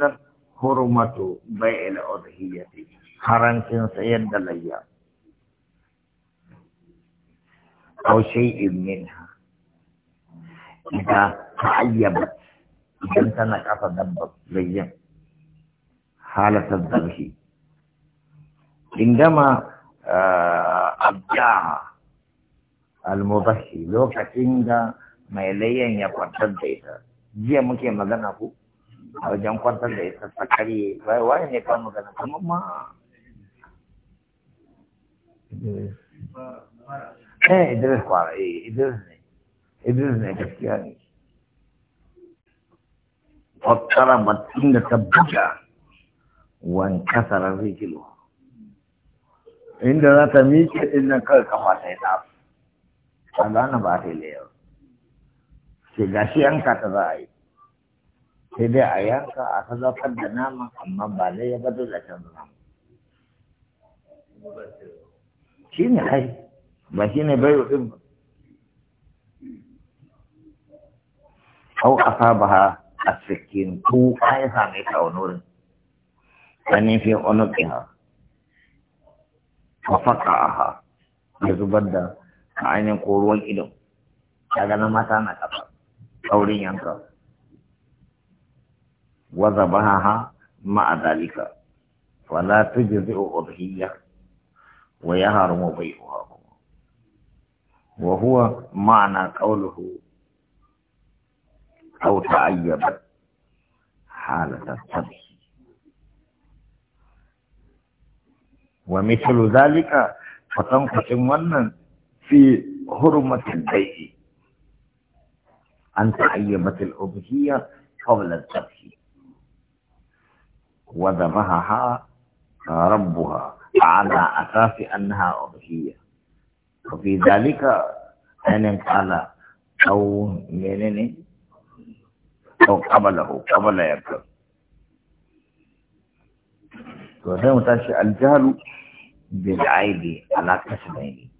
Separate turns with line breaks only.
ستر حرمتو بيع الأضحيتي حرم كن سيد لأيا أو شيء منها إذا تعيبت جنت أنك أتدبط لأيا حالة الضرحي عندما آه، أبجاع المضحي لو كتنجا ما يلين يفتد ديتا جي مكي مدنه a wajen kwantar da ita ta karye bai wani ne kan magana kuma ma eh, eh Idris kwara eh Idris ne Idris ne gaskiya ne fattara batun da ta buga wan kasara rikilu inda za ta miƙe ɗin nan kawai kafa ta yi tsafi a gane ba ta yi layar ce gashi yanka ta za a yi sai dai a yanka a zafar da nama amma ba zai ya bada da can zama shi ne kai ba shi ne bayo ɗin ba Hau a saba au a asikin ko ya same ka wani wurin sanin fi a ha faqaha ya zubar da ainihin ko ruwan ido kaga na mata na kafa aurin yanka وذبحها مع ذلك فلا تجزئ أضحية ويحرم بيعها وهو معنى قوله أو تعيبت حالة الصبح ومثل ذلك فتنقسم ونن في حرمة البيع أن تعيبت الأضحية قبل الذبح وذبحها ربها على أساس أنها أضحية وفي ذلك أن قال أو منني أو قبله قبل يركب وزي ما الجهل بالعيب على كسبين